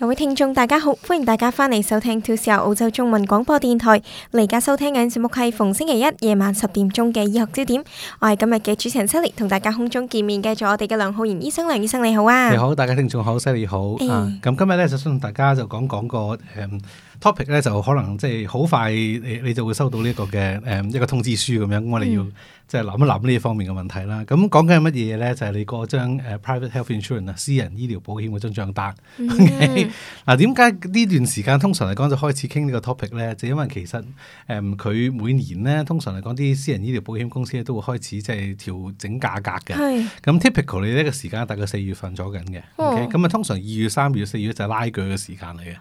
各位聽眾大家好，歡迎大家翻嚟收聽 To Sir 澳洲中文廣播電台。而家收聽緊節目係逢星期一夜晚十點鐘嘅醫學焦點。我係今日嘅主持人西力，同大家空中見面。繼續我哋嘅梁浩然醫生，梁醫生你好啊！你好，大家聽眾好，西力好啊！咁今日咧，就想同大家就講講個誒 topic 咧，就可能即係好快，你你就會收到呢一個嘅誒一個通知書咁樣，我哋要。即係諗一諗呢方面嘅問題啦，咁講緊乜嘢咧？就係、是、你嗰張誒 private health insurance 啊，私人醫療保險嗰張賬單。嗱 Yeah.、okay? 啊，點解呢段時間通常嚟講就開始傾呢個 topic 咧？就因為其實誒，佢、嗯、每年咧通常嚟講啲私人醫療保險公司咧都會開始即係調整價格嘅。係咁 Yeah. typical，你呢個時間大概四月份左右嘅。咁啊，通常二月、三月、四月就拉鋸嘅時間嚟嘅。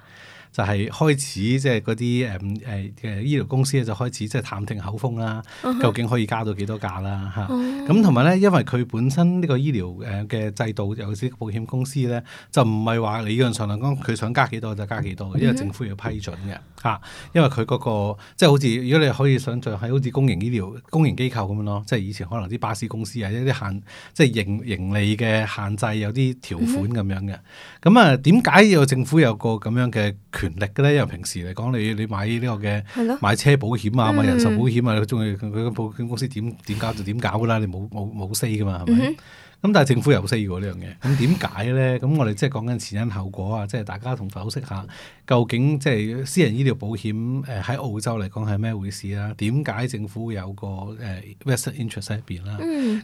就係開始即係嗰啲誒誒嘅醫療公司咧，就開始即係探聽口風啦、啊，uh huh. 究竟可以加到幾多價啦嚇？咁同埋咧，因為佢本身呢個醫療誒嘅制度，尤其是保險公司咧，就唔係話理論上嚟講，佢想加幾多就加幾多嘅，因為政府要批准嘅嚇、啊。因為佢嗰、嗰個即係好似如果你可以想像係好似公營醫療、公營機構咁樣咯，即係以前可能啲巴士公司啊，一啲限即係盈盈利嘅限制有啲條款咁樣嘅。咁、uh huh. 啊，點解有政府有個咁樣嘅？權力嘅咧，因為平時嚟講，你你買呢個嘅的買車保險啊，買人壽保險啊，你中意佢佢保險公司點點搞就點搞噶啦、啊，你冇冇冇 say 噶嘛，係咪？嗯。咁但係政府又好需要呢樣嘢，咁點解咧？咁我哋即係講緊前因後果啊，即係大家同剖析下究竟即係私人醫療保險誒喺澳洲嚟講係咩回事啊，點解政府有個誒 vested、呃、interest 入邊啦？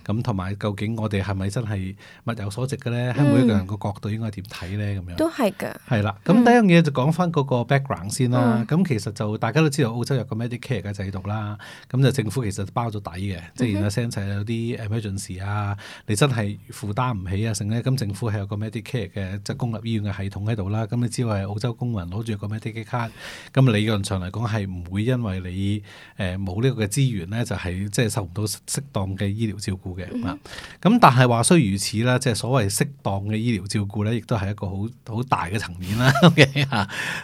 咁同埋究竟我哋係咪真係物有所值嘅咧？喺每一個人個角度應該點睇咧？咁樣都係㗎。係、嗯、啦，咁第一樣嘢就講翻嗰個 background 先啦。咁、嗯、其實就大家都知道澳洲有個 Medicare 嘅制度啦。咁就政府其實包咗底嘅，即係如果 send 齊有啲 emergency 啊，你真係。負擔唔起啊！成咧咁，政府係有個 Medicare 嘅即係公立醫院嘅系統喺度啦。咁你只要係，澳洲公民攞住個 Medicare 卡，咁理論上嚟講係唔會因為你誒冇呢個嘅資源咧，就係即係受唔到適當嘅醫療照顧嘅。咁、mm hmm. 但係話雖如此啦，即係所謂適當嘅醫療照顧咧，亦都係一個好好大嘅層面啦。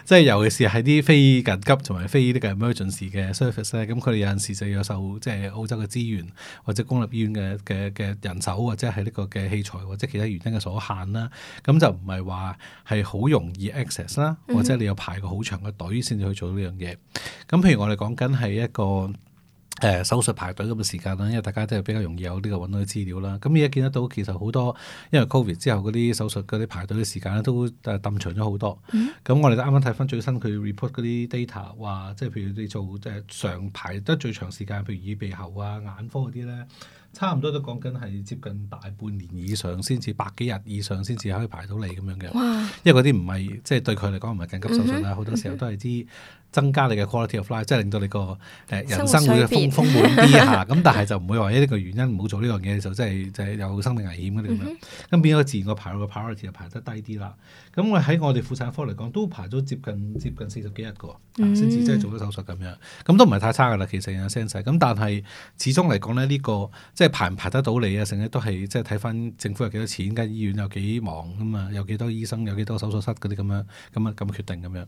即 係尤其是喺啲非緊急同埋非呢個 emergency 嘅 service 咧，咁佢哋有陣時就要受即係澳洲嘅資源或者公立醫院嘅嘅嘅人手或者係呢。個嘅器材或者其他原因嘅所限啦，咁就唔係話係好容易 access 啦、mm，hmm. 或者你有排個好長嘅隊先至去做呢樣嘢。咁譬如我哋講緊係一個誒、呃、手術排隊咁嘅時間啦，因為大家都係比較容易有呢個揾到啲資料啦。咁而家見得到其實好多因為 covid 之後嗰啲手術嗰啲排隊嘅時間咧都誒抌、啊、長咗好多。咁、mm hmm. 我哋都啱啱睇翻最新佢 report 嗰啲 data，話即係譬如你做即係長排得最長時間，譬如耳鼻喉啊、眼科嗰啲咧。差唔多都講緊係接近大半年以上，先至百幾日以上，先至可以排到你咁樣嘅。哇因為嗰啲唔係即係對佢嚟講唔係緊急手術啦，好、嗯、哼多時候都係啲。嗯哼嗯增加你嘅 quality of life，即係令到你個誒人生會豐豐滿啲嚇，咁 但係就唔會話因呢個原因唔好做呢樣嘢就真係就係有生命危險咁、嗯、哼樣。咁變咗自然個排個 priority 就排得低啲啦。咁、嗯、我喺我哋婦產科嚟講都排咗接近接近四十幾日個，先、啊、至真係做咗手術咁樣。咁都唔係太差噶啦，其實有升勢。咁但係始終嚟講咧呢個即係排唔排得到你啊？成日都係即係睇返政府有幾多錢，間醫院有幾忙啊嘛，有幾多醫生，有幾多手術室嗰啲咁樣咁啊咁決定咁樣。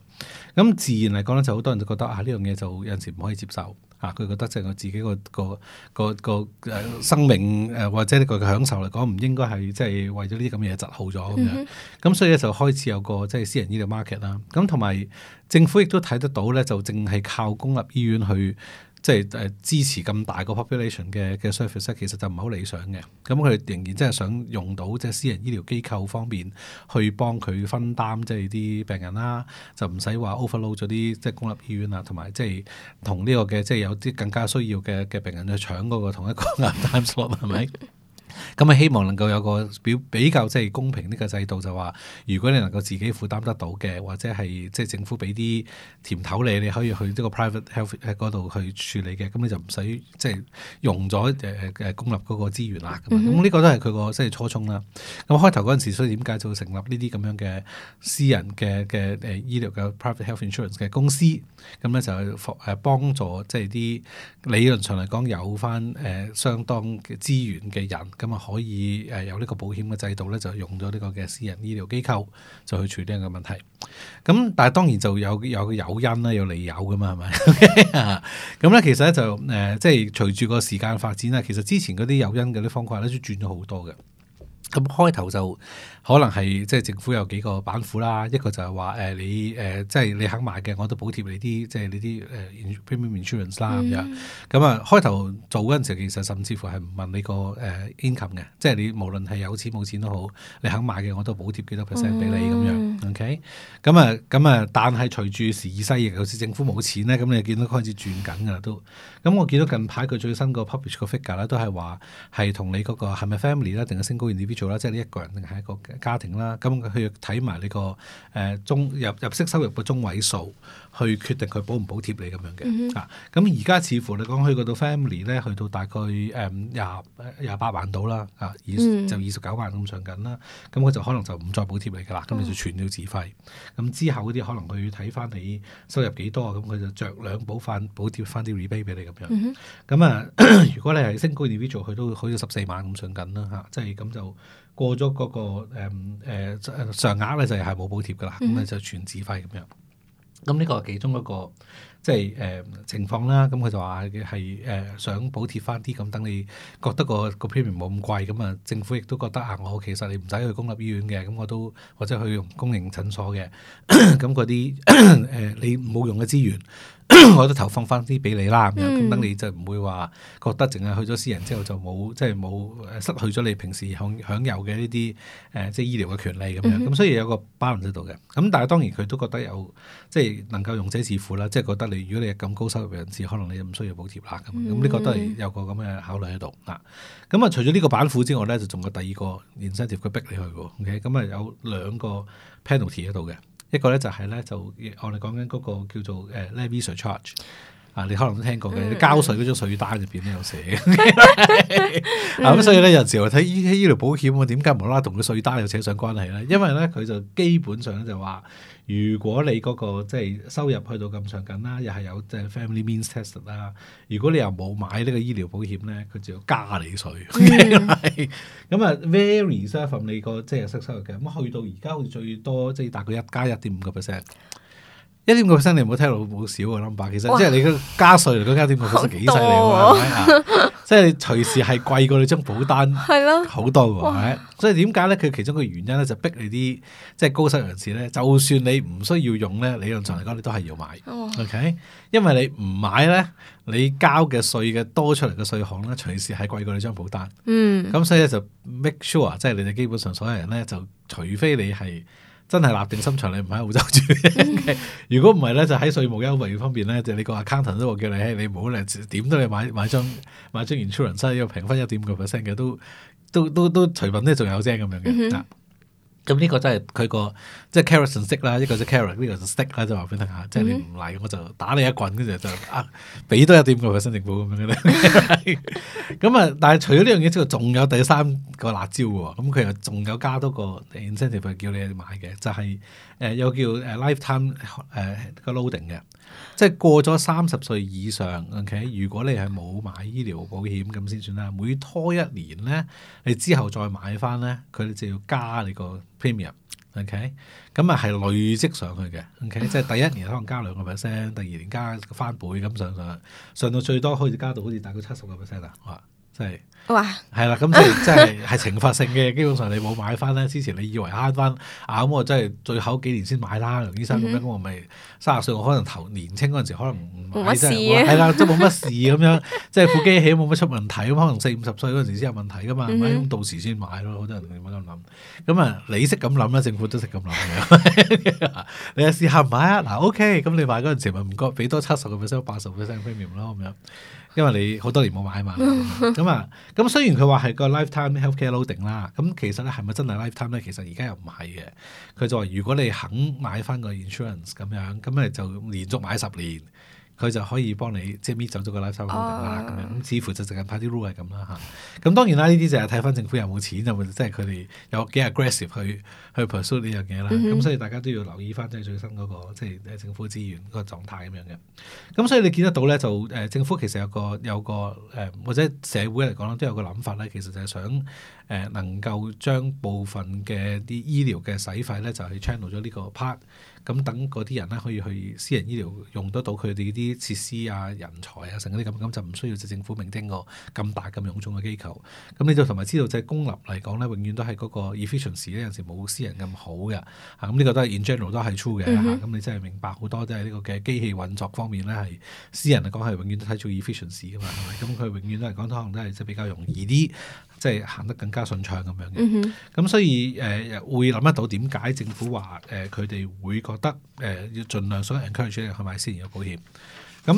咁自然嚟講就。好多人就覺得啊，呢樣嘢就有陣時唔可以接受嚇，佢、啊、覺得即係佢自己個個個個誒生命誒、呃、或者呢個享受嚟講，唔應該係即係為咗呢啲咁嘅嘢疾好咗咁樣，咁、嗯、哼所以咧就開始有個即係、就是、私人醫療 market 啦、啊，咁同埋政府亦都睇得到咧，就淨係靠公立醫院去。即係誒支持咁大個 population 嘅嘅 service 其實就唔係好理想嘅。咁佢仍然真係想用到即係私人醫療機構方面去幫佢分擔，即係啲病人啦，就唔使話 overload 咗啲即係公立醫院啊，同埋即係同呢個嘅即係有啲更加需要嘅嘅病人去搶嗰個同一個 time slot 係咪？咁啊，希望能夠有個比比較即係公平呢個制度，就話、是、如果你能夠自己負擔得到嘅，或者係即係政府俾啲甜頭你，你可以去呢個 private health 喺嗰度去處理嘅，咁你就唔使即係用咗誒誒誒公立嗰個資源啦。咁呢、嗯、哼個都係佢個即係初衷啦。咁開頭嗰陣時，所以點解就會成立呢啲咁樣嘅私人嘅嘅誒醫療嘅 private health insurance 嘅公司，咁咧就誒幫助即係啲理論上嚟講有返誒相當嘅資源嘅人。咁啊、嗯、可以誒，有、呃、呢個保險嘅制度咧，就用咗呢個嘅私人醫療機構就去處理呢個問題。咁、嗯、但係當然就有有誘因啦，有理由噶嘛，係咪？咁 咧、嗯、其實咧就誒、呃，即係隨住個時間發展啦，其實之前嗰啲誘因嗰啲方法咧都轉咗好多嘅。咁開頭就可能係即係政府有幾個板斧啦，一個就係話誒你誒、呃、即係你肯買嘅，我都補貼你啲即係你啲誒、呃、premium insurance 啦咁、嗯、樣。咁啊開頭做嗰陣時，其實甚至乎係唔問你個誒 income 嘅，即係你無論係有錢冇錢都好，你肯買嘅我都補貼幾多 percent 俾你咁樣。嗯、OK，咁啊咁啊，但係隨住時移世易，好似政府冇錢咧，咁你見到開始轉緊噶喇都。咁我見到近排佢最新是是、那個 public 個 figure 咧，都係話係同你嗰個係咪 family 啦，定係升高即係呢一個人定係一個家庭啦，咁佢要睇埋呢個誒中入入息收入個中位數。去決定佢補唔補貼你咁樣嘅，嗯、哼啊，咁而家似乎你講去度 family 咧，去到大概誒廿廿八萬到啦，啊，二、嗯、就二十九萬咁上緊啦，咁佢就可能就唔再補貼你噶啦，咁、嗯、你就存咗自費。咁、嗯、之後嗰啲可能佢睇翻你收入幾多，咁佢就着兩補翻補貼翻啲 rebate 俾你咁樣。咁、嗯、哼樣啊， 如果你係升高 level 佢都好似十四萬咁上緊啦，嚇、啊，即係咁就過咗嗰、那個誒、嗯呃、上額咧，就係冇補貼噶啦，咁啊、嗯、就全自費咁樣。咁呢個係其中一個即係誒、呃、情況啦，咁、嗯、佢就話係誒想補貼返啲咁，等你覺得、嗰個、mm hmm. 覺得嗰個 premium 冇咁貴咁啊，政府亦都覺得啊，我其實你唔使去公立醫院嘅，咁我都或者去用公營診所嘅，咁嗰啲誒你冇用嘅資源。 我都投放翻啲俾你啦，咁、嗯嗯、等你就唔會話覺得淨係去咗私人之後就冇即係冇失去咗你平時享享有嘅呢啲誒即係醫療嘅權利咁樣，咁、嗯、哼所以有個 balance 喺度嘅。咁但係當然佢都覺得有即係能夠用者自付啦，即係覺得你如果你係咁高收入人士，可能你唔需要補貼啦。咁咁呢個都係有個咁嘅考慮喺度。嗱，咁啊除咗呢個板斧之外咧，就仲有第二個 insurance 佢逼你去嘅，咁、okay? 啊有兩個 penalty 喺度嘅。一個咧，就係咧，就我哋講緊嗰個叫做誒 levy surcharge。啊！你可能都聽過嘅，你交稅嗰張稅單入邊咧有寫。咁所以咧，有時我睇醫醫療保險我點解無啦啦同啲稅單有扯上關係咧？因為咧，佢就基本上咧就話，如果你嗰、嗰個即係收入去到咁上緊啦，又係有即係 family means test 啦。如果你又冇買呢個醫療保險咧，佢就要加你稅。咁啊、嗯、 ，very relevant 你個即係收入嘅。咁去到而家好似最多即係、就是、大概一加一點五個 percent。一點五個 percent 你唔好聽到好少啊，number 其實哇即係你加稅嗰一點五其實幾犀利喎，係咪啊？ 即係隨時係貴過你張保單，好多喎，所以點解咧？佢其中嘅原因咧，就逼你啲即係高收入人士咧，就算你唔需要用咧，理論上嚟講，你都係要買，哦，OK？因為你唔買咧，你交嘅稅嘅多出嚟嘅稅項咧，隨時係貴過你張保單，嗯，咁所以咧就 make sure 即係你哋基本上所有人咧，就除非你係。真係立定心腸，你唔喺澳洲住。 如果唔係呢，就喺稅務優惠方面呢，就是、你個 accountant 都話叫你，你唔好嚟，點都你買買張買張 insurance，平分一點五個 percent 嘅，都都都都隨品都仲有啫咁樣嘅。 咁呢個真係佢個即係 carrot and stick 啦，一個就 carrot，一個就 stick 啦，就話俾你聽下，即係你唔嚟我就打你一棍，跟住就啊俾多一點個新鮮果咁樣嘅咁啊， 但係除咗呢樣嘢之外，仲有第三個辣椒喎。咁、嗯、佢又仲有加多個 incentive 叫你買嘅，就係誒有叫誒 lifetime 誒、呃、個 loading 嘅。即係過咗三十歲以上，OK，如果你係冇買醫療保險咁先算啦。每拖一年咧，你之後再買翻咧，佢就要加你個 premium，OK，okay？咁啊係累積上去嘅，OK， 即係第一年可能加兩個 percent，第二年加翻倍咁上上去，上到最多可以加到好似大概七十個 percent 啊。即係、就是、哇，係啦，咁即係即係係懲罰性嘅， 基本上你冇買翻呢，之前你以為慳翻啊，咁我真係最後幾年先買啦，梁醫生咁樣，嗯、哼我咪三十歲我可能頭年青嗰陣時可能唔買，係啦、啊，都冇乜事咁樣，即係副機器都冇乜出問題，咁可能四五十歲嗰陣時先有問題噶嘛，咁到時先買咯，好多人唔好咁諗，咁啊你識咁諗啦，政府都識咁諗， 你試下買啊，嗱、啊、OK，咁你買嗰陣時咪唔該俾多七十個 percent、八十個 percent 嘅 premium 咯咁樣。因為你好多年冇買嘛，咁啊， 咁雖然佢話係個 lifetime health care loading 啦，咁其實咧係咪真係 lifetime 咧？其實而家又唔係嘅。佢就話如果你肯買翻個 insurance 咁樣，咁咪就連續買十年。佢就可以幫你即係搣走咗個垃圾咁樣，咁似乎就淨係拍啲 rule 係咁啦嚇。咁當然啦、就是，呢啲就係睇翻政府有冇錢，有冇即係佢哋有幾 aggressive 去去 pursue 呢樣嘢啦。咁、mm hmm. 嗯、所以大家都要留意翻即係最新嗰、那個即係政府資源嗰個狀態咁樣嘅。咁所以你見得到咧就誒、呃、政府其實有個有個誒、呃、或者社會嚟講都有個諗法咧，其實就係想誒、呃、能夠將部分嘅啲醫療嘅使費咧就去、是、channel 咗呢個 part。咁等嗰啲人咧可以去私人醫療用得到佢哋啲設施啊、人才啊、成嗰啲咁，咁就唔需要政府名聽個咁大咁臃腫嘅機構。咁你就同埋知道，即係公立嚟講咧，永遠都係嗰個 efficiency 咧，有時冇私人咁好嘅嚇。咁呢個都係 in general 都係 true 嘅嚇。咁、mm hmm. 嗯、你真係明白好多，即係呢個嘅機器運作方面咧，係私人嚟講係永遠都睇住 efficiency 噶嘛。咁佢永遠都嚟講，可能都係即係比較容易啲。即係行得更加順暢咁樣嘅，咁、嗯哼嗯、所以誒、呃、會諗得到點解政府話誒佢哋會覺得誒、呃、要盡量想 encourage 去買先有保險，咁、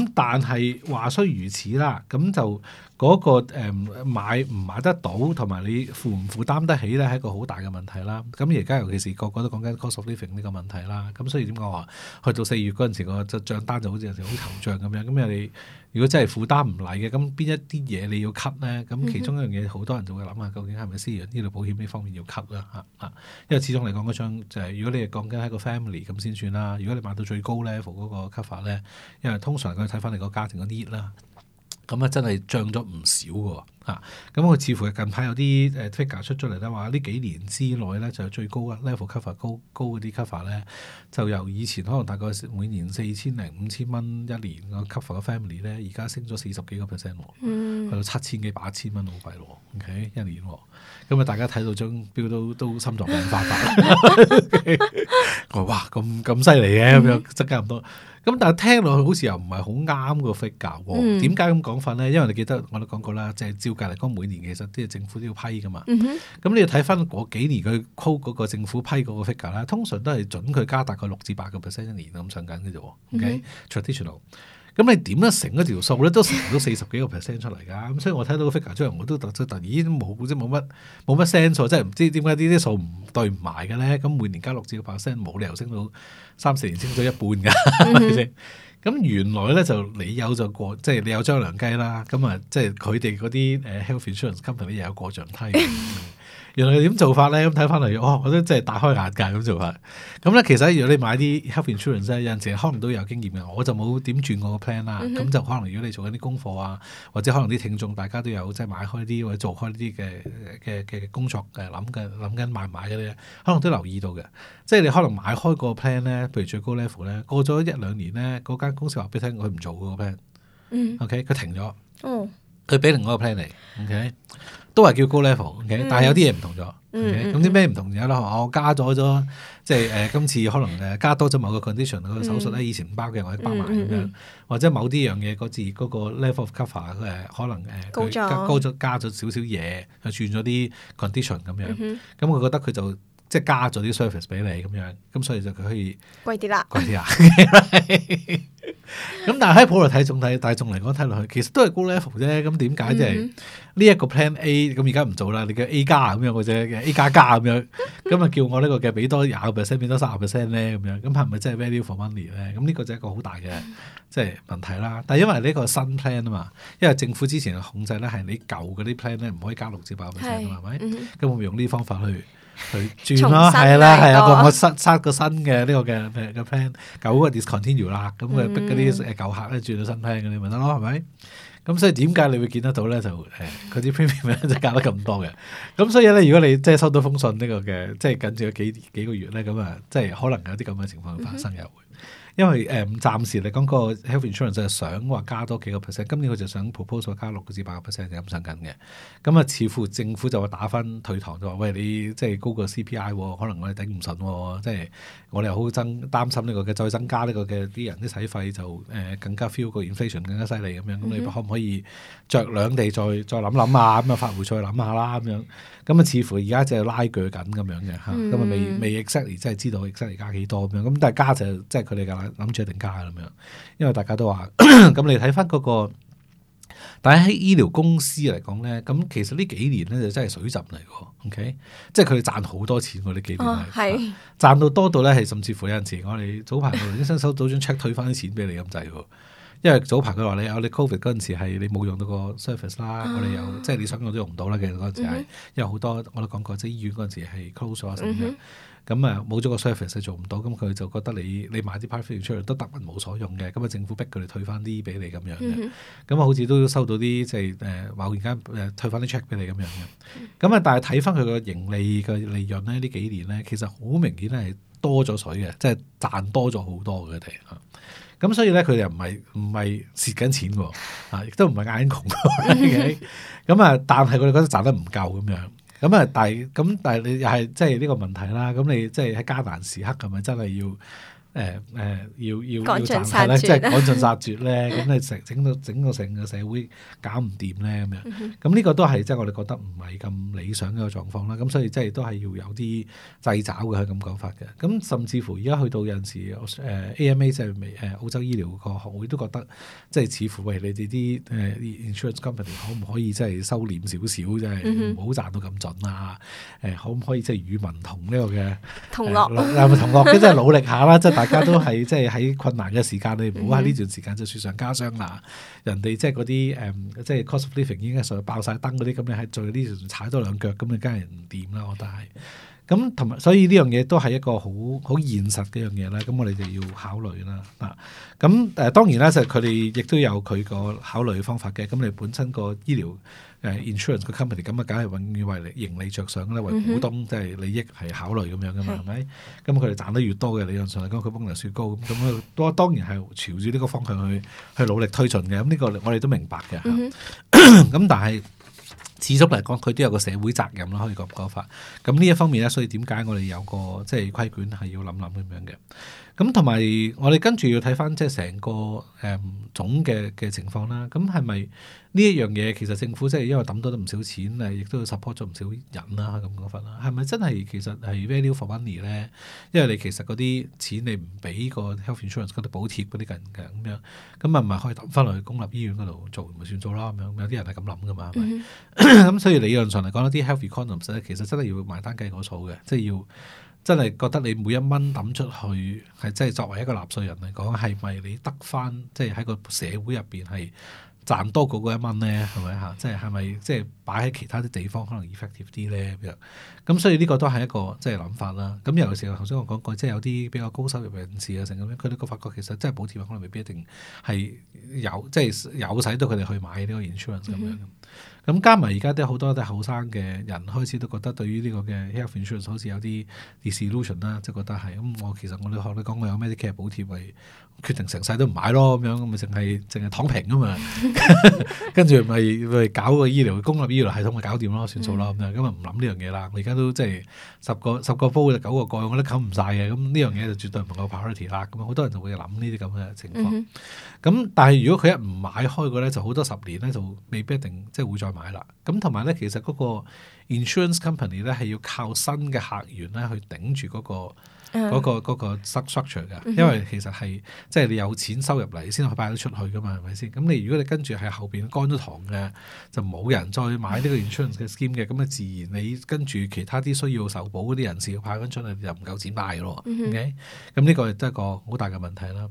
嗯、但係話雖如此啦，咁就。嗰個誒買唔買得到，同埋你負唔負擔得起咧，係一個好大嘅問題啦。咁而家尤其是個個,個都講緊 cost of living 呢個問題啦。咁所以點講啊？去到四月嗰陣時，個帳單就好似有時好頭漲咁樣。咁你如果真係負擔唔嚟嘅，咁邊一啲嘢你要 cut 咧？咁其中一樣嘢，好多人就會諗下究竟係咪私人呢度保險呢方面要 cut 啦？嚇嚇，因為始終嚟講嗰張就係，如果你係講緊喺個 family 咁先算啦。如果你買到最高咧，for 嗰個 cover 咧，因為通常佢睇翻你個家庭嗰啲啦。咁啊，真係漲咗唔少㗎吓。咁我似乎近排有啲誒 trigger 出咗嚟啦，話呢幾年之內咧就有最高啊 level cover 高高嗰啲 cover 咧，就由以前可能大概每年四千零五千蚊一年個 cover 嘅 family 咧，而家升咗四十幾個 percent 喎，去、嗯、到七千幾八千蚊好貴咯。OK 一年喎，咁啊大家睇到張表都都心臟病發發。 哇，咁咁犀利嘅咁樣增加咁多。咁、嗯、但係聽落去好似又唔係好啱個 figure 喎、哦？點解咁講法咧？因為你記得我都講過啦，即係照計嚟講，每年其實都要政府都要批噶嘛。咁你要睇翻嗰幾年佢 quote 嗰個政府批嗰個 figure 啦，通常都係準佢加大概六至八個 percent 一年咁上緊嘅啫。哦 okay? 嗯、哼 Traditional。咁你點都成嗰條數咧，都成到四十幾個 percent 出嚟噶。咁、嗯、所以我睇到個 figure 出嚟，我都突突突然都冇即冇乜冇乜 send 錯，即係唔知點解呢啲數唔對唔埋嘅咧。咁、嗯、每年加六至八個 percent，冇理由升到三四年升咗一半㗎先。咁、嗯 嗯嗯、原來咧就你有就過，即、就、係、是、你有張良計啦。咁、嗯、啊，即係佢哋嗰啲誒 health insurance company 又有過牆梯。 原來點做法咧？咁睇翻嚟，哦，我都真係大開眼界咁做法。咁、嗯、咧，其實如果你買啲 health insurance 有陣時可能都有經驗嘅，我就冇點轉我個 plan 啦。咁、嗯、哼就可能如果你做緊啲功課啊，或者可能啲聽眾大家都有即係買開啲或者做開啲嘅嘅嘅工作嘅諗嘅諗緊買買嘅咧，可能都留意到嘅。即係你可能買開個 plan 咧，譬如最高 level 咧，過咗一兩年咧，嗰間公司話俾你聽、嗯哼，佢唔做嗰個 plan。OK，佢停咗。佢俾另外一個 plan 嚟，OK，都係叫高 level，OK，、okay? 嗯、但係有啲嘢唔同咗，咁啲咩唔同嘢咧？我、哦、加咗咗，即係誒今次可能誒加多咗某個 condition 個、嗯、手術咧，以前唔包嘅我係包埋咁、嗯嗯、樣，或者某啲樣嘢嗰次嗰個 level of cover 誒可能誒、呃、高咗了，加咗少少嘢，佢轉咗啲 condition 咁樣，咁我覺得佢就。即係加咗啲 service 俾你咁樣，咁所以就佢可以貴啲啦，貴啲啊！咁但係喺普羅睇、總體、大眾嚟講睇落去，其實都係高 level 啫。咁點解即係呢一個 plan A 咁而家唔做啦？你叫 A 加啊咁樣嘅，A 加加咁樣，咁啊、嗯、哼叫我個呢個嘅俾多廿個 percent，俾多三十個 percent 咧咁樣，咁係咪真係 value for money 咧、嗯哼？咁呢個就係一個好大嘅即係問題啦。但係因為呢個新 plan 啊嘛，因為政府之前嘅控制咧係你舊嗰啲 plan 咧唔可以加六至八個 percent 噶嘛，係咪、嗯哼？咁我咪用呢方法去。佢轉咯，係啦，係啊個我新殺個新嘅呢個嘅嘅 plan，搞個 discontinue 啦，咁、hmm. 佢逼嗰啲誒舊客咧轉到新 plan，嗰你咪得咯，係咪？咁所以點解你會見得到咧？就誒嗰啲 premium 就降得咁多嘅。咁所以咧，如果你即係收到封信呢個嘅，即係近住幾幾個月咧，咁啊，即係可能有啲咁嘅情況發生又會。Mm hmm. 因為誒，暫時嚟講個 health insurance 就係想話加多幾個 percent，今年佢就想 proposal 加六至八個 percent，就諗緊嘅。咁啊，似乎政府就會打翻退堂，就話喂你即係高過 CPI 喎，可能我哋頂唔順喎，即係。我哋好增擔心呢個嘅再增加呢個嘅啲人啲使費就誒、呃、更加 feel 個 inflation 更加犀利咁樣，咁你可唔可以着兩地再再諗諗啊？咁啊，發回再諗下啦咁樣。咁啊，似乎而家、嗯、就拉鋸緊咁樣嘅嚇，咁啊未未 exactly 即係知道 exactly 加幾多咁樣。咁但係加就即係佢哋嘅諗住一定加咁樣，樣，因為大家都話咁 你睇翻嗰個。但係喺醫療公司嚟講呢，咁其實呢幾年呢就真係水浸嚟嘅，OK？即係佢賺好多錢喎，呢幾年係、哦、賺到多到呢，係甚至乎有陣時我哋早排我啲新手組長 check 退翻啲錢俾你咁滯喎。因為早排佢話你你 COVID 嗰陣時係你冇用到個 service 啦，我哋又，即係你想用都用唔到啦。其實嗰陣時係、嗯、哼因為好多我都講過，即係醫院嗰陣時係 close 咗啊，咁啊，冇咗個 service 佢做唔到，咁佢就覺得你你買啲 private out 出嚟都得，冇所用嘅，咁啊政府逼佢哋退翻啲俾你咁樣嘅，咁啊、嗯哼嗯、好似都收到啲即係誒，我而家誒退翻啲 check 俾你咁樣嘅，咁、嗯、啊、嗯、但係睇翻佢個盈利個利潤咧，呢幾年咧其實好明顯係多咗水嘅，即係賺多咗好多佢哋嚇，咁、啊嗯、所以咧佢哋又唔係唔係蝕緊錢喎、啊，亦都唔係嗌窮嘅，咁啊但係佢哋覺得賺得唔夠咁樣。咁啊、嗯、但係咁，但係你又係即係呢個問題啦。咁你即係喺艱難時刻，係咪真係要？誒誒、呃呃、要要要斬，即係趕盡殺絕咧，咁你成整到整個成個社會搞唔掂咧咁樣。咁呢 個都係即係我哋覺得唔係咁理想嘅狀況啦。咁所以即係都係要有啲掣肘嘅咁講法嘅。咁甚至乎而家去到有陣時誒、呃、A M A 即係未澳洲醫療個學會，我都覺得即係、就是、似乎喂，你哋啲誒 insurance company 可唔可以即係收斂少少，即係唔好賺到咁盡啦、啊？誒可唔可以即係與民同呢個嘅？同學，又咪 同學，即、就、係、是、努力下啦！ 即係大家都係，即係喺困難嘅時間，你唔好喺呢段時間就雪上加霜啦。嗯、人哋即係嗰啲誒，即係 cost of living 已經係上爆晒燈嗰啲，咁你喺再呢段踩多兩腳，咁你梗係唔掂啦！我覺得係。咁同埋，所以呢樣嘢都係一個好好現實嘅樣嘢啦。咁我哋就要考慮啦。嗱，咁、呃、誒當然啦，就佢哋亦都有佢個考慮嘅方法嘅。咁你本身個醫療 insurance 個 company 咁啊，梗係永遠為利盈利着想啦，為股東即係、就是、利益係考慮咁樣噶嘛，係咪、嗯哼？咁佢哋賺得越多嘅理論上嚟講，佢 bonus 越高咁，咁佢當然係朝住呢個方向去去努力推進嘅。咁呢個我哋都明白嘅。咁、嗯、哼 但係，始終嚟講，佢都有個社會責任咯，可以咁講法。咁呢一方面咧，所以點解我哋有個即係、就是、規管係要諗諗咁樣嘅。咁同埋，嗯、我哋跟住要睇翻即係成個誒總嘅嘅情況啦。咁係咪呢一樣嘢其實政府即係因為抌多咗唔少錢，亦都 support 咗唔少人啦咁講法啦。係咪真係其實係 value for money 咧？因為你其實嗰啲錢你唔俾個 health insurance 嗰啲補貼嗰啲人嘅咁樣，咁啊咪可以抌翻落去公立醫院嗰度做咪算數啦咁樣。有啲人係咁諗噶嘛，咪、嗯哼？咁、 嗯、所以理論上嚟講，啲 health insurance 咧其實真係要埋單計過數嘅，即係要。真係覺得你每一蚊抌出去，係真係作為一個納稅人嚟講，係咪你得返？即係喺個社會入邊係。賺多嗰一蚊咧，係咪吓？即係係咪即係擺喺其他啲地方可能 effective 啲咧咁樣？咁所以呢個都係一個即係諗法啦。咁尤其係頭先我講過，即係有啲比較高收入人士啊，成咁樣，佢哋覺發覺其實即係補貼啊，可能未必一定係有，即係有使到佢哋去買呢個 insurance 咁樣。咁 加埋而家都好多啲後生嘅人開始都覺得對於呢個嘅 health insurance 好似有啲 disillusion 啦，即係覺得係咁，我其實我哋學你講過有咩啲嘅補貼，係決定成世都唔買咯咁樣，咁咪淨係淨係躺平啊嘛～ 跟住咪咪搞個醫療，公立醫療系統咪搞掂咯，算數咯咁樣就，咁啊唔諗呢樣嘢啦。我而家都即係十個十個煲九個蓋我都冚唔晒嘅，咁呢樣嘢就絕對唔夠 parity 啦。咁好多人就會諗呢啲咁嘅情況。咁、嗯、哼但係如果佢一唔買開個咧，就好多十年咧就未必一定即係、就是、會再買啦。咁同埋咧，其實嗰個 insurance company 咧係要靠新嘅客源咧去頂住嗰個。嗰個嗰個 structure 嘅，因為其實係即係你有錢收入嚟，先可以派得出去噶嘛，係咪先？咁你如果你跟住喺後邊乾咗塘嘅，就冇人再買呢個 insurance 嘅 scheme 嘅，咁你自然你跟住其他啲需要受保嗰啲人士要派返出去，就唔夠錢派咯，嗯哼，OK？咁呢個亦都係一個好大嘅問題啦。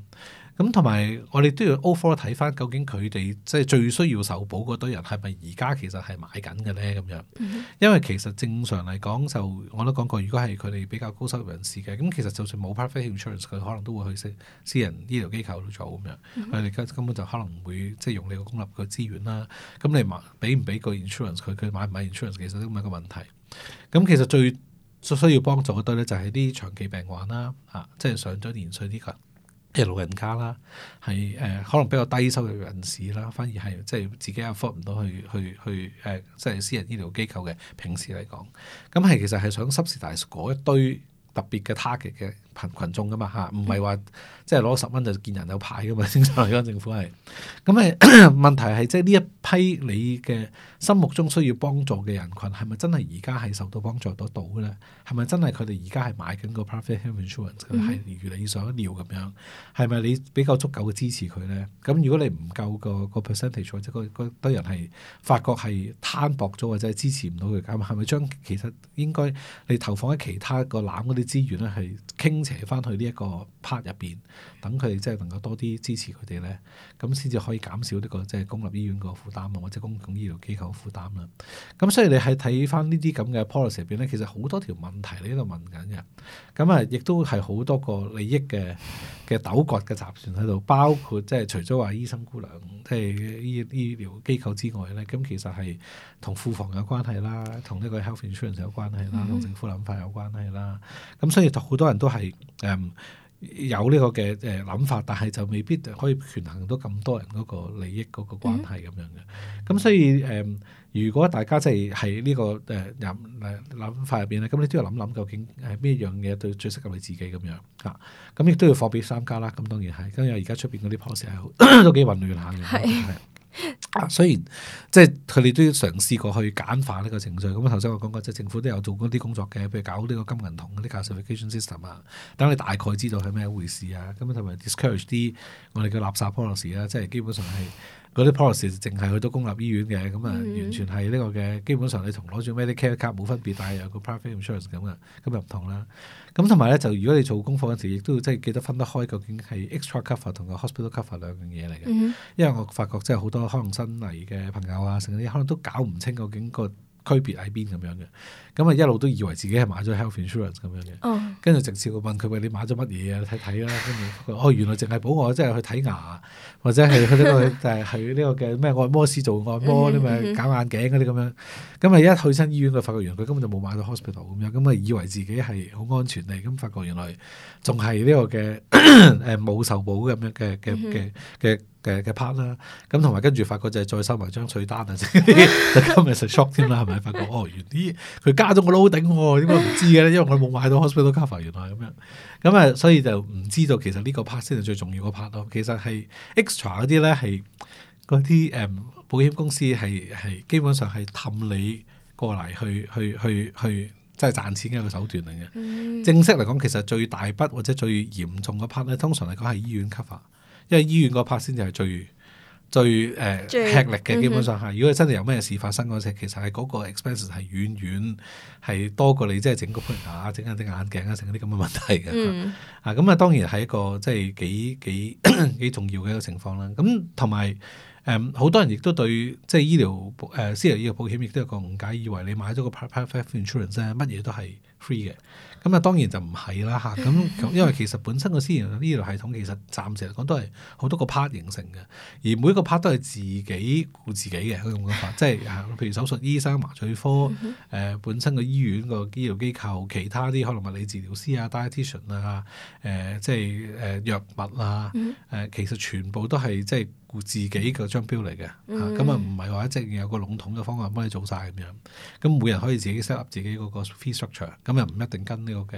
咁同埋我哋都要 overall 睇返，究竟佢哋即係最需要受保嗰堆人，係咪而家其實係買緊嘅呢？咁樣，嗯、哼因為其實正常嚟講，就我都講過，如果係佢哋比較高收入人士嘅，咁、嗯、其實就算冇 perfect insurance，佢可能都會去私人醫療機構度做咁樣。佢哋、嗯、哼根本就可能唔會即係用你個公立嘅資源啦。咁你買俾唔俾個 insurance，佢佢買唔買 insurance，其實都唔係一個問題。咁、嗯、其實最需要幫助嗰堆咧，就係啲長期病患啦，啊、即係上咗年歲啲人。即係老人家啦，係誒、呃、可能比較低收入人士啦，反而係即係自己又 afford 唔到去去去誒、呃，即係私人醫療機構嘅平時嚟講，咁係其實係想 subsidize 嗰一堆特別嘅 target 嘅。群羣眾噶嘛吓，唔係話即係攞十蚊就見人有牌噶嘛？正常嚟講政府係，咁 啊問題係即係呢一批你嘅心目中需要幫助嘅人群，係咪真係而家係受到幫助得到咧？係咪真係佢哋而家係買緊個 private health insurance 係、嗯、如你所料咁樣，係咪你比較足夠嘅支持佢咧？咁如果你唔夠、嗰個、嗰個 percentage，或者個多人係發覺係攤薄咗或者係支持唔到佢，係咪將其實應該你投放喺其他個攬嗰啲資源咧係傾。斜翻去呢一個 part 入邊，等佢哋即係能夠多啲支持佢哋呢。咁先至可以減少呢、這個即係、就是、公立醫院個負擔啊，或者公共醫療機構嘅負擔啦。咁所以你係睇翻呢啲咁嘅 policy 入邊咧，其實好多條問題你喺度問緊嘅，咁啊，亦都係好多個利益嘅嘅糾葛嘅集團喺度，包括即係除咗話醫生姑娘即係醫醫療機構之外呢。咁其實係同庫房有關係啦，同呢個 health insurance 有關係啦，同政府諗法有關係啦。咁所以好多人都係。誒、嗯，有呢個嘅誒諗法，但係就未必可以權衡到咁多人嗰個利益嗰個關係咁樣嘅。咁、嗯、所以誒、嗯，如果大家即係喺呢個誒諗、呃、法入邊咧，咁你都要諗諗究竟係咩樣嘢對最適合你自己咁樣吓。咁、啊、亦都要貨比三家啦。咁當然係，跟住而家出邊嗰啲 pos 係好都幾混亂下嘅。係。 啊，雖然即係佢哋都要嘗試過去簡化呢個程序，咁頭先我講過，即係政府都有做嗰啲工作嘅，譬如搞呢個金銀銅嗰啲 classification system 啊，等你大概知道係咩回事啊，咁、嗯、啊同埋 discourage 啲我哋叫垃圾 policy 啦，即係基本上係。嗰啲 policy 淨係去到公立醫院嘅，咁啊完全係呢個嘅。基本上你同攞住 Medicare card 冇分別，但係有個 private insurance 咁啊，咁又唔同啦。咁同埋咧就，如果你做功課嗰時，亦都要即係記得分得開，究竟係 extra cover 同個 hospital cover 兩樣嘢嚟嘅。嗯、哼因為我發覺真係好多可能新嚟嘅朋友啊，成嗰啲可能都搞唔清究竟個。區別喺邊？咁樣嘅，咁啊一路都以為自己係買咗 health insurance 咁樣嘅，跟住、oh. 直接問佢話你買咗乜嘢啊？睇睇啦，跟住，哦原來淨係保外，即係去睇牙，或者係去呢 個，就呢個嘅咩按摩師做按摩啲咪搞眼鏡嗰啲咁樣，咁啊一去親醫院就發覺原來佢根本就冇買到 hospital 咁樣，咁啊以為自己係好安全嚟，咁發覺原來仲係呢個嘅誒冇受保咁樣嘅嘅嘅嘅。嘅嘅 part 啦，咁同埋跟住發覺就係再收埋張稅單啊，就今日實 shock 添啦，係咪？發覺哦，原啲佢加咗個 loading 喎，點解唔知嘅咧？因為我冇買到 hospital cover，原來係咁樣。咁、嗯、啊，所以就唔知道其實呢個 part 先係最重要個 part 咯。其實係 extra 嗰啲咧係嗰啲誒保險公司係係基本上係氹你過嚟去去去去即係賺錢嘅一個手段嚟嘅。嗯、正式嚟講，其實最大筆或者最嚴重個 part 咧，通常嚟講係醫院 cover。因為醫院個 part 先就係最最誒吃力嘅，基本上嚇。如果真係有咩事發生嗰陣，其實係嗰個 expense 係遠遠係多過你即係整個 pana 整下啲眼鏡啊，整嗰啲咁嘅問題嘅啊，咁啊當然係一個即係幾幾幾重要嘅一個情況啦。咁同埋誒好多人亦都對即係醫療誒私有醫療保險亦都有個誤解，以為你買咗個 perfect insurance, 乜嘢都係 free 嘅。咁啊，當然就唔係啦嚇，咁因為其實本身個私營醫療系統其實暫時嚟講都係好多個 part 形成嘅，而每個 part 都係自己顧自己嘅佢用方法，即係譬如手術醫生、麻醉科、誒、呃、本身個醫院個醫療機構，其他啲可能物理治療師 啊、dietitian、呃呃、啊、誒即係誒藥物啊、誒其實全部都係即係。自己嘅張表嚟嘅，咁啊唔係話一定有個籠統嘅方案幫你做晒咁樣，咁每人可以自己 set up 自己嗰個 fee structure，咁又唔一定跟呢個嘅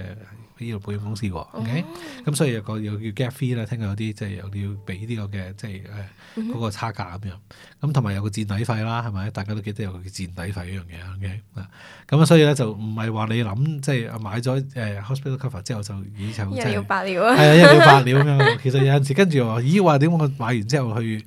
呢個保險公司喎，OK？咁、嗯嗯嗯、所以又叫 gap fee 咧，聽講有啲即係有啲要俾呢個嘅即係誒嗰個差價咁樣，咁同埋有個墊底費啦，係咪？大家都記得有個叫墊底費呢樣嘢，OK？啊，咁、嗯、所以咧就唔係話你諗即係買咗、呃、hospital cover 之後就已經有即係一了百了係啊，一了百了咁樣。其實有陣時跟住我咦話點我買完之後去。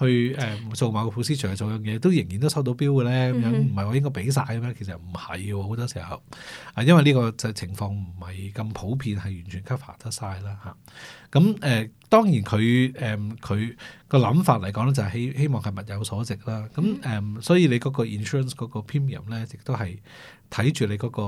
去誒、嗯、做某個保險除做樣嘢，都仍然都收到標嘅咧，咁、mm hmm. 樣唔係話應該俾晒嘅咩？其實唔係喎，好多時候啊，因為呢個就情況唔係咁普遍，係完全 cover 得晒啦嚇。咁、啊、誒、啊、當然佢誒佢個諗法嚟講咧，就係希希望係物有所值啦。咁、啊、誒、啊，所以你嗰個 insurance 嗰個 premium 咧，亦都係睇住你嗰個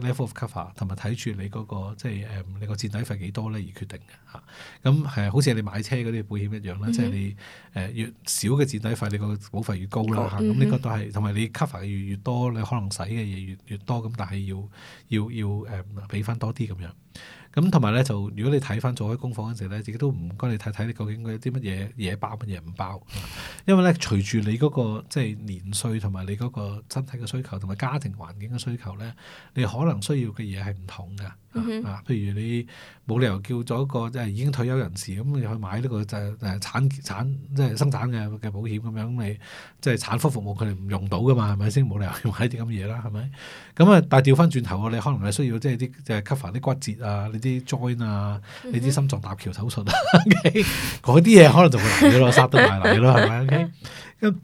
level of cover，同埋睇住你嗰、那個即係誒你個賠底費幾多咧而決定嘅嚇。咁、啊、誒、啊、好似你買車嗰啲保險一樣啦，即係、mm hmm. 你誒。呃越少嘅墊底費，你個保費越高啦。咁呢個都係，同埋你 cover 嘅越越多，你可能使嘅嘢越越多咁，但係要要要誒俾翻多啲咁樣。咁同埋咧，就如果你睇翻做開功課嗰陣時咧，自己都唔該你睇睇你究竟佢啲乜嘢嘢包乜嘢唔包，包嗯嗯嗯、因為咧隨住你嗰、那個即係、就是、年歲同埋你嗰個身體嘅需求同埋家庭環境嘅需求咧，你可能需要嘅嘢係唔同噶，譬、嗯嗯嗯嗯嗯嗯、如你冇理由叫咗一個即係已經退休人士咁你去買呢、這個就誒產產，產即係生產嘅嘅保險咁樣你，你即係產科服務佢哋唔用到噶嘛係咪先？冇理由去買啲咁嘅嘢啦係咪？咁啊，但係調翻轉頭你可能係需要即係啲即誒吸防啲骨折啊！嗯啲 join 啊，你啲心臟搭橋手術啊，嗰啲嘢可能就會嚟咗咯，殺得埋嚟咯，係咪？okay? 咁。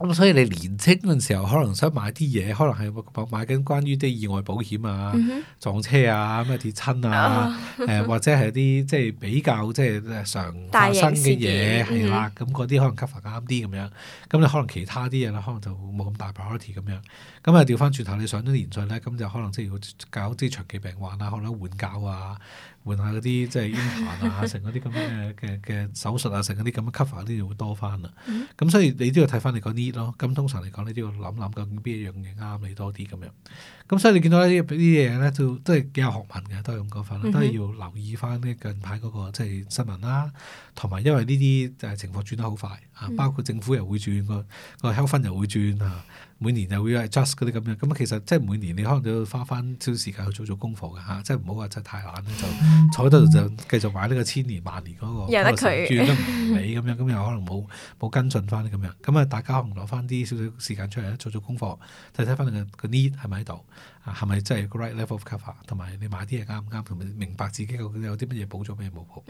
咁所以你年青嗰陣時候，可能想買啲嘢，可能係買買緊關於啲意外保險啊，mm hmm. 撞車啊，咩跌親啊，誒、oh. 呃、或者係啲即係比較即係常發生嘅嘢係啦，咁嗰啲可能 cover 啱啲咁樣。咁你可能其他啲嘢可能就冇咁大 priority 咁樣。咁啊調翻轉頭，你上咗年歲咧，咁就可能即係要搞啲長期病患啊，可能換教啊。換下嗰啲即係腰盤啊，成嗰啲咁嘅嘅嘅手術啊，成嗰啲咁樣 cover 嗰啲就會多翻啦。咁、嗯、所以你都要睇翻你個 need 咯。咁通常嚟講，你都要諗諗究竟邊一樣嘢啱你多啲咁樣。咁所以你見到呢啲嘢咧，就都係幾有學問嘅，都係咁講法，都係要留意翻呢近排嗰、嗰個即係、就是、新聞啦。同埋因為呢啲誒情況轉得好快，包括政府又會轉個個香氛又會轉啊。每年又會係 adjust 嗰啲咁樣，咁其實即係每年你可能都要花翻少少時間去做做功課嘅嚇，即係唔好話真係太懶就坐喺度就繼續買呢個千年萬年嗰個波浪神轉咁尾咁樣，咁又可能冇冇跟進翻啲咁樣，咁啊大家可能攞翻啲少少時間出嚟做做功課，睇睇翻你個 need 係咪喺度。啊，係咪真係 great level of cover？同埋你買啲嘢啱唔啱？同埋明白自己個有啲乜嘢補咗，咩冇補？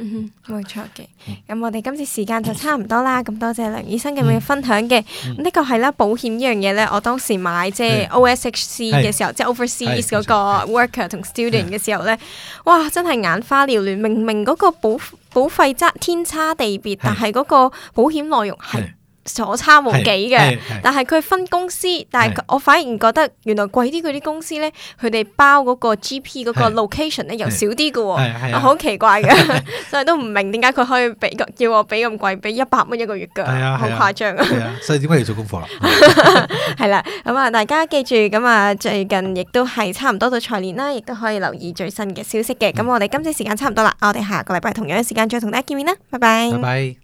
冇錯嘅。咁我哋今次時間就差唔多啦。咁多謝梁醫生嘅分享嘅。呢的確係啦，嗯、保險呢樣嘢咧，我當時買即係、就是、OSHC 嘅時候，是即係 Overseas 嗰個 worker 同 student 嘅時候咧，哇！真係眼花撩亂。明明嗰個保保費則天差地別，但係嗰個保險內容係，所差無幾嘅，但係佢分公司，但係我反而覺得原來貴啲嗰啲公司咧，佢哋包嗰個 GP 嗰個 location 咧又少啲嘅，好奇怪嘅，所以都唔明點解佢可以俾個叫我俾咁貴，俾一百蚊一個月嘅，好誇張啊！所以點解要做功課啦？係啦，咁啊，大家記住，咁啊，最近亦都係差唔多到財年啦，亦都可以留意最新嘅消息嘅。咁我哋今次時間差唔多啦，我哋下個禮拜同樣嘅時間再同大家見面啦，拜拜。